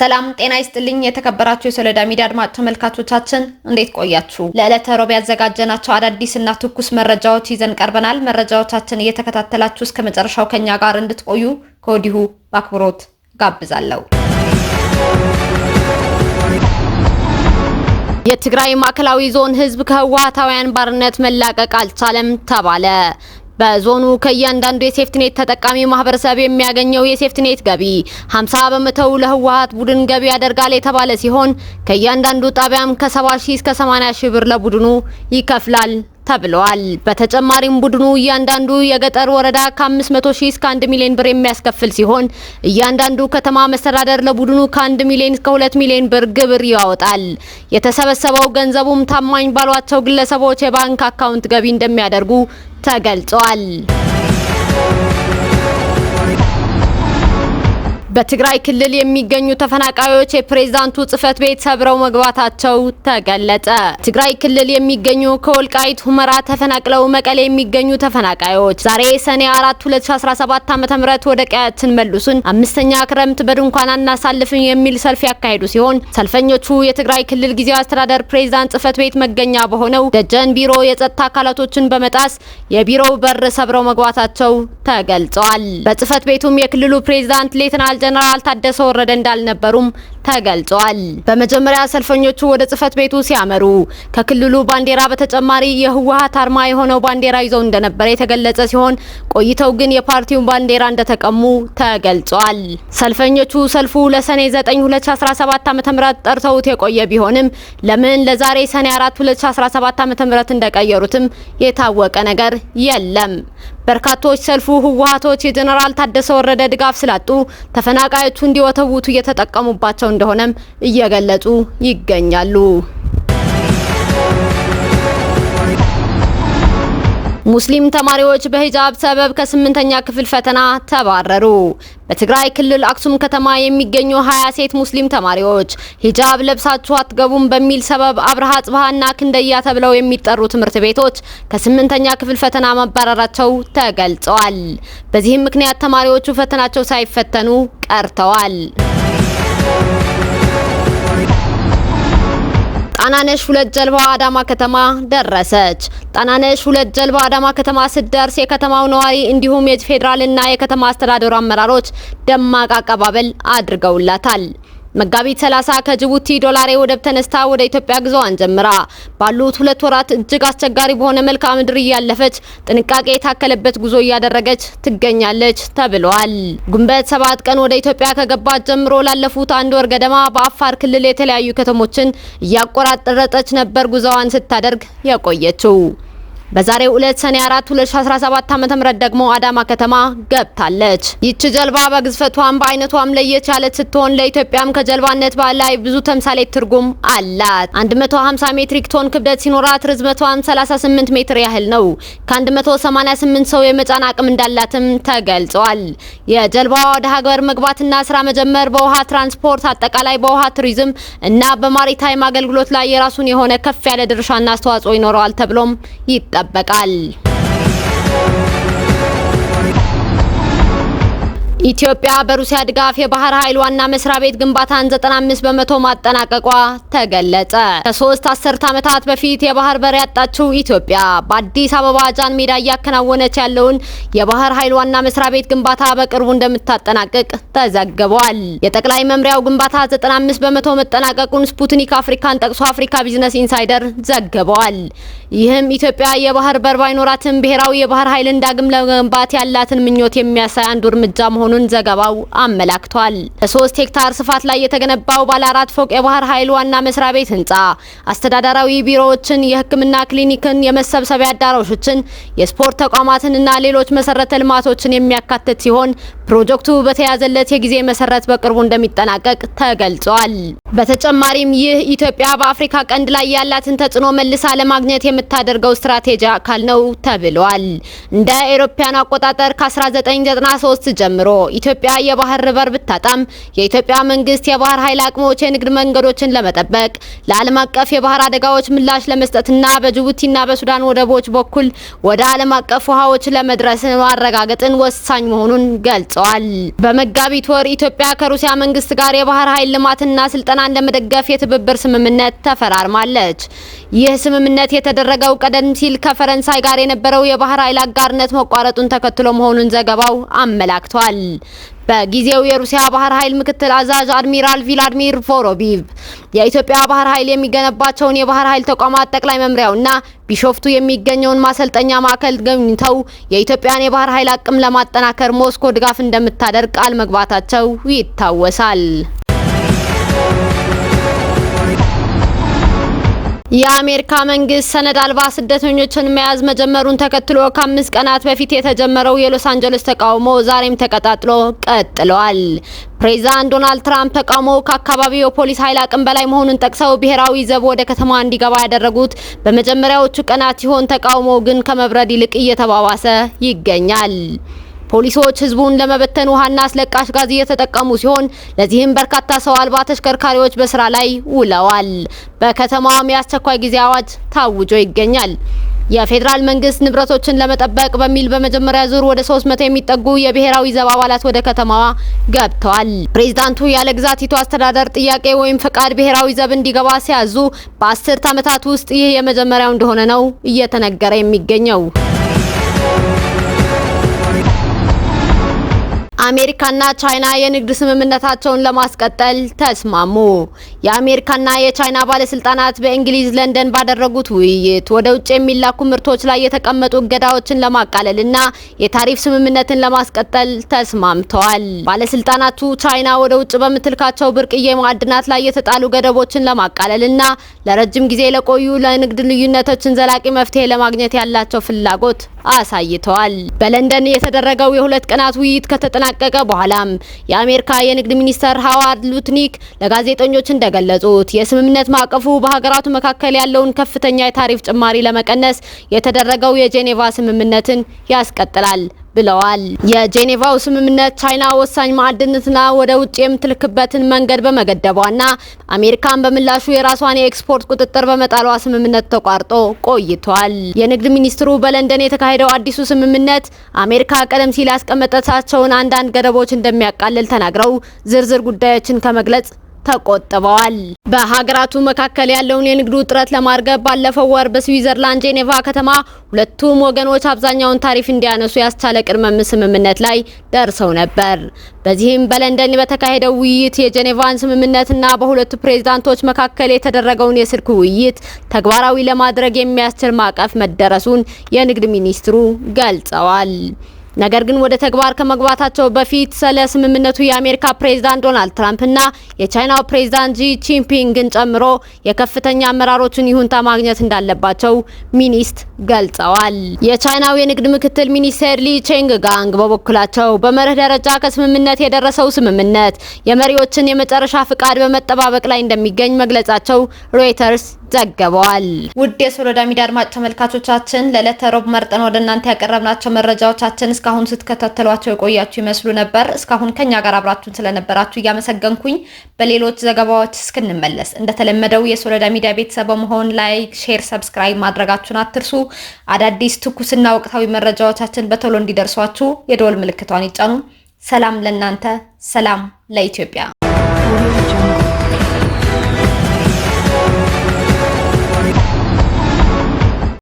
ሰላም ጤና ይስጥልኝ። የተከበራችሁ የሶሎዳ ሚዲያ አድማጭ ተመልካቾቻችን እንዴት ቆያችሁ? ለዕለተ ሮብ ያዘጋጀናቸው አዳዲስ እና ትኩስ መረጃዎች ይዘን ቀርበናል። መረጃዎቻችን እየተከታተላችሁ እስከ መጨረሻው ከኛ ጋር እንድትቆዩ ከወዲሁ በአክብሮት ጋብዛለሁ። የትግራይ ማዕከላዊ ዞን ህዝብ ከህወሓታውያን ባርነት መላቀቅ አልቻለም ተባለ። በዞኑ ከእያንዳንዱ የሴፍትኔት ተጠቃሚ ማህበረሰብ የሚያገኘው የሴፍትኔት ገቢ 50 በመቶው ለህወሀት ቡድን ገቢ ያደርጋል የተባለ ሲሆን ከእያንዳንዱ ጣቢያም ከ70 ሺህ እስከ 80 ሺህ ብር ለቡድኑ ይከፍላል። ተብለዋል። በተጨማሪም ቡድኑ እያንዳንዱ የገጠር ወረዳ ከ500 ሺህ እስከ 1 ሚሊዮን ብር የሚያስከፍል ሲሆን እያንዳንዱ ከተማ መስተዳደር ለቡድኑ ከ1 ሚሊዮን እስከ 2 ሚሊዮን ብር ግብር ያወጣል። የተሰበሰበው ገንዘቡም ታማኝ ባሏቸው ግለሰቦች የባንክ አካውንት ገቢ እንደሚያደርጉ ተገልጿል። በትግራይ ክልል የሚገኙ ተፈናቃዮች የፕሬዝዳንቱ ጽህፈት ቤት ሰብረው መግባታቸው ተገለጸ። ትግራይ ክልል የሚገኙ ከወልቃይት ሁመራ ተፈናቅለው መቀሌ የሚገኙ ተፈናቃዮች ዛሬ ሰኔ 4 2017 ም ወደ ቀያችን መልሱን አምስተኛ ክረምት በድንኳን አናሳልፍን የሚል ሰልፍ ያካሄዱ ሲሆን ሰልፈኞቹ የትግራይ ክልል ጊዜያዊ አስተዳደር ፕሬዝዳንት ጽህፈት ቤት መገኛ በሆነው ደጀን ቢሮ የጸጥታ አካላቶችን በመጣስ የቢሮው በር ሰብረው መግባታቸው ተገልጿል። በጽህፈት ቤቱም የክልሉ ፕሬዝዳንት ሌተናል ጀነራል ታደሰ ወረደ እንዳልነበሩም ተገልጿል። በመጀመሪያ ሰልፈኞቹ ወደ ጽህፈት ቤቱ ሲያመሩ ከክልሉ ባንዲራ በተጨማሪ የህወሀት አርማ የሆነው ባንዲራ ይዘው እንደነበረ የተገለጸ ሲሆን ቆይተው ግን የፓርቲውን ባንዲራ እንደተቀሙ ተገልጿል። ሰልፈኞቹ ሰልፉ ለሰኔ 9 2017 ዓ.ም ጠርተውት የቆየ ቢሆንም ለምን ለዛሬ ሰኔ 4 2017 ዓ.ም እንደቀየሩትም የታወቀ ነገር የለም። በርካቶች ሰልፉ ህወሀቶች የጀነራል ታደሰ ወረደ ድጋፍ ስላጡ ተፈናቃዮቹ እንዲወተውቱ እየተጠቀሙባቸው እንደሆነም እየገለጹ ይገኛሉ። ሙስሊም ተማሪዎች በሂጃብ ሰበብ ከስምንተኛ ክፍል ፈተና ተባረሩ። በትግራይ ክልል አክሱም ከተማ የሚገኙ ሀያ ሴት ሙስሊም ተማሪዎች ሂጃብ ለብሳችሁ አትገቡም በሚል ሰበብ አብርሃ ጽባሃና ክንደያ ተብለው የሚጠሩ ትምህርት ቤቶች ከስምንተኛ ክፍል ፈተና መባረራቸው ተገልጸዋል። በዚህም ምክንያት ተማሪዎቹ ፈተናቸው ሳይፈተኑ ቀርተዋል። ጣናነሽ ሁለት ጀልባ አዳማ ከተማ ደረሰች። ጣናነሽ ሁለት ጀልባ አዳማ ከተማ ስትደርስ የከተማው ነዋሪ እንዲሁም የፌዴራልና የከተማ አስተዳደሩ አመራሮች ደማቅ አቀባበል አድርገውላታል። መጋቢት 30 ከጅቡቲ ዶላሬ ወደብ ተነስታ ወደ ኢትዮጵያ ጉዞዋን ጀምራ ባሉት ሁለት ወራት እጅግ አስቸጋሪ በሆነ መልክዓ ምድር እያለፈች ጥንቃቄ የታከለበት ጉዞ እያደረገች ትገኛለች ተብሏል። ግንቦት 7 ቀን ወደ ኢትዮጵያ ከገባች ጀምሮ ላለፉት አንድ ወር ገደማ በአፋር ክልል የተለያዩ ከተሞችን እያቆራረጠች ነበር ጉዞዋን ስታደርግ የቆየችው። በዛሬው ዕለት ሰኔ 4 2017 ዓ.ም ደግሞ አዳማ ከተማ ገብታለች። ይቺ ጀልባ በግዝፈቷም በአይነቷም ለየት ያለች ስትሆን ለኢትዮጵያም ከጀልባነት ባህል ብዙ ተምሳሌት ትርጉም አላት። 150 ሜትሪክ ቶን ክብደት ሲኖራት ርዝመቷም 38 ሜትር ያህል ነው። ከ188 ሰው የመጫን አቅም እንዳላትም ተገልጿል። የጀልባዋ ወደ ሀገር መግባትና ስራ መጀመር በውሃ ትራንስፖርት፣ አጠቃላይ በውሃ ቱሪዝም እና በማሪታይም አገልግሎት ላይ የራሱን የሆነ ከፍ ያለ ድርሻና አስተዋጽኦ ይኖረዋል ተብሎም ይጣ ይጠበቃል። ኢትዮጵያ በሩሲያ ድጋፍ የባህር ኃይል ዋና መስሪያ ቤት ግንባታን 95 በመቶ ማጠናቀቋ ተገለጸ። ከሶስት አስርት ዓመታት በፊት የባህር በር ያጣችው ኢትዮጵያ በአዲስ አበባ ጃን ሜዳ እያከናወነች ያለውን የባህር ኃይል ዋና መስሪያ ቤት ግንባታ በቅርቡ እንደምታጠናቅቅ ተዘግቧል። የጠቅላይ መምሪያው ግንባታ 95 በመቶ መጠናቀቁን ስፑትኒክ አፍሪካን ጠቅሶ አፍሪካ ቢዝነስ ኢንሳይደር ዘግቧል። ይህም ኢትዮጵያ የባህር በር ባይኖራትም ብሔራዊ የባህር ኃይልን ዳግም ለመገንባት ያላትን ምኞት የሚያሳይ አንዱ እርምጃ መሆኑ መሆኑን ዘገባው አመላክቷል። በሶስት ሄክታር ስፋት ላይ የተገነባው ባለ አራት ፎቅ የባህር ኃይል ዋና መስሪያ ቤት ህንጻ አስተዳደራዊ ቢሮዎችን፣ የህክምና ክሊኒክን፣ የመሰብሰቢያ አዳራሾችን፣ የስፖርት ተቋማትን እና ሌሎች መሰረተ ልማቶችን የሚያካትት ሲሆን ፕሮጀክቱ በተያዘለት የጊዜ መሰረት በቅርቡ እንደሚጠናቀቅ ተገልጿል። በተጨማሪም ይህ ኢትዮጵያ በአፍሪካ ቀንድ ላይ ያላትን ተጽዕኖ መልሳ ለማግኘት የምታደርገው ስትራቴጂ አካል ነው ተብሏል። እንደ አውሮፓውያን አቆጣጠር ከ1993 ጀምሮ ኢትዮጵያ የባህር በር ብታጣም የኢትዮጵያ መንግስት የባህር ኃይል አቅሞች የንግድ መንገዶችን ለመጠበቅ ለዓለም አቀፍ የባህር አደጋዎች ምላሽ ለመስጠትና በጅቡቲና በሱዳን ወደቦች በኩል ወደ ዓለም አቀፍ ውሃዎች ለመድረስ ማረጋገጥን ወሳኝ መሆኑን ገልጸዋል። በመጋቢት ወር ኢትዮጵያ ከሩሲያ መንግስት ጋር የባህር ኃይል ልማትና ስልጠናን ለመደገፍ የትብብር ስምምነት ተፈራርማለች። ይህ ስምምነት የተደረገው ቀደም ሲል ከፈረንሳይ ጋር የነበረው የባህር ኃይል አጋርነት መቋረጡን ተከትሎ መሆኑን ዘገባው አመላክቷል። በጊዜው የሩሲያ ባህር ኃይል ምክትል አዛዥ አድሚራል ቪላድሚር ፎሮቢቭ የኢትዮጵያ ባህር ኃይል የሚገነባቸውን የባህር ኃይል ተቋማት ጠቅላይ መምሪያውና ቢሾፍቱ የሚገኘውን ማሰልጠኛ ማዕከል ገኝተው የኢትዮጵያን የባህር ኃይል አቅም ለማጠናከር ሞስኮ ድጋፍ እንደምታደርግ ቃል መግባታቸው ይታወሳል። የአሜሪካ መንግስት ሰነድ አልባ ስደተኞችን መያዝ መጀመሩን ተከትሎ ከአምስት ቀናት በፊት የተጀመረው የሎስ አንጀለስ ተቃውሞ ዛሬም ተቀጣጥሎ ቀጥለዋል። ፕሬዚዳንት ዶናልድ ትራምፕ ተቃውሞው ከአካባቢው የፖሊስ ኃይል አቅም በላይ መሆኑን ጠቅሰው ብሔራዊ ዘብ ወደ ከተማ እንዲገባ ያደረጉት በመጀመሪያዎቹ ቀናት ሲሆን ተቃውሞው ግን ከመብረድ ይልቅ እየተባባሰ ይገኛል። ፖሊሶች ህዝቡን ለመበተን ውሃና አስለቃሽ ጋዝ እየተጠቀሙ ሲሆን ለዚህም በርካታ ሰው አልባ ተሽከርካሪዎች በስራ ላይ ውለዋል። በከተማዋም የአስቸኳይ ጊዜ አዋጅ ታውጆ ይገኛል። የፌዴራል መንግስት ንብረቶችን ለመጠበቅ በሚል በመጀመሪያ ዙር ወደ 300 የሚጠጉ የብሔራዊ ዘብ አባላት ወደ ከተማዋ ገብተዋል። ፕሬዚዳንቱ ያለ ግዛቲቱ አስተዳደር ጥያቄ ወይም ፈቃድ ብሔራዊ ዘብ እንዲገባ ሲያዙ በአስርት ዓመታት ውስጥ ይህ የመጀመሪያው እንደሆነ ነው እየተነገረ የሚገኘው። አሜሪካና ቻይና የንግድ ስምምነታቸውን ለማስቀጠል ተስማሙ። የአሜሪካና የቻይና ባለስልጣናት በእንግሊዝ ለንደን ባደረጉት ውይይት ወደ ውጭ የሚላኩ ምርቶች ላይ የተቀመጡ እገዳዎችን ለማቃለልና የታሪፍ ስምምነትን ለማስቀጠል ተስማምተዋል። ባለስልጣናቱ ቻይና ወደ ውጭ በምትልካቸው ብርቅዬ ማዕድናት ላይ የተጣሉ ገደቦችን ለማቃለልና ለረጅም ጊዜ ለቆዩ ለንግድ ልዩነቶችን ዘላቂ መፍትሄ ለማግኘት ያላቸው ፍላጎት አሳይተዋል። በለንደን የተደረገው የሁለት ቀናት ውይይት ከተጠናቀቀ በኋላም የአሜሪካ የንግድ ሚኒስተር ሀዋርድ ሉትኒክ ለጋዜጠኞች እንደገለጹት የስምምነት ማዕቀፉ በሀገራቱ መካከል ያለውን ከፍተኛ የታሪፍ ጭማሪ ለመቀነስ የተደረገው የጄኔቫ ስምምነትን ያስቀጥላል። ብለዋል። የጄኔቫው ስምምነት ቻይና ወሳኝ ማዕድንትና ወደ ውጭ የምትልክበትን መንገድ በመገደቧና አሜሪካን በምላሹ የራሷን የኤክስፖርት ቁጥጥር በመጣሏ ስምምነት ተቋርጦ ቆይቷል። የንግድ ሚኒስትሩ በለንደን የተካሄደው አዲሱ ስምምነት አሜሪካ ቀደም ሲል ያስቀመጠቻቸውን አንዳንድ ገደቦች እንደሚያቃልል ተናግረው ዝርዝር ጉዳዮችን ከመግለጽ ተቆጥበዋል። በሀገራቱ መካከል ያለውን የንግድ ውጥረት ለማርገብ ባለፈው ወር በስዊዘርላንድ ጄኔቫ ከተማ ሁለቱም ወገኖች አብዛኛውን ታሪፍ እንዲያነሱ ያስቻለ ቅድመ ስምምነት ላይ ደርሰው ነበር። በዚህም በለንደን በተካሄደው ውይይት የጄኔቫን ስምምነትና በሁለቱ ፕሬዚዳንቶች መካከል የተደረገውን የስልክ ውይይት ተግባራዊ ለማድረግ የሚያስችል ማዕቀፍ መደረሱን የንግድ ሚኒስትሩ ገልጸዋል። ነገር ግን ወደ ተግባር ከመግባታቸው በፊት ስለ ስምምነቱ የአሜሪካ ፕሬዝዳንት ዶናልድ ትራምፕና የቻይናው ፕሬዝዳንት ጂ ቺንፒንግን ጨምሮ የከፍተኛ አመራሮችን ይሁንታ ማግኘት እንዳለባቸው ሚኒስት ገልጸዋል። የቻይናው የንግድ ምክትል ሚኒስቴር ሊ ቼንግ ጋንግ በበኩላቸው በመርህ ደረጃ ከስምምነት የደረሰው ስምምነት የመሪዎችን የመጨረሻ ፍቃድ በመጠባበቅ ላይ እንደሚገኝ መግለጻቸው ሮይተርስ ዘግበዋል። ውድ የሶሎዳ ሚዲያ አድማጭ ተመልካቾቻችን ለዕለተ ሮብ መርጠን ወደ እናንተ ያቀረብናቸው መረጃዎቻችን እስካሁን ስትከታተሏቸው የቆያችሁ ይመስሉ ነበር። እስካሁን ከኛ ጋር አብራችሁን ስለነበራችሁ እያመሰገንኩኝ በሌሎች ዘገባዎች እስክንመለስ እንደተለመደው የሶሎዳ ሚዲያ ቤተሰብ በመሆን ላይክ፣ ሼር፣ ሰብስክራይብ ማድረጋችሁን አትርሱ። አዳዲስ ትኩስና ወቅታዊ መረጃዎቻችን በቶሎ እንዲደርሷችሁ የደወል ምልክቷን ይጫኑ። ሰላም ለእናንተ፣ ሰላም ለኢትዮጵያ።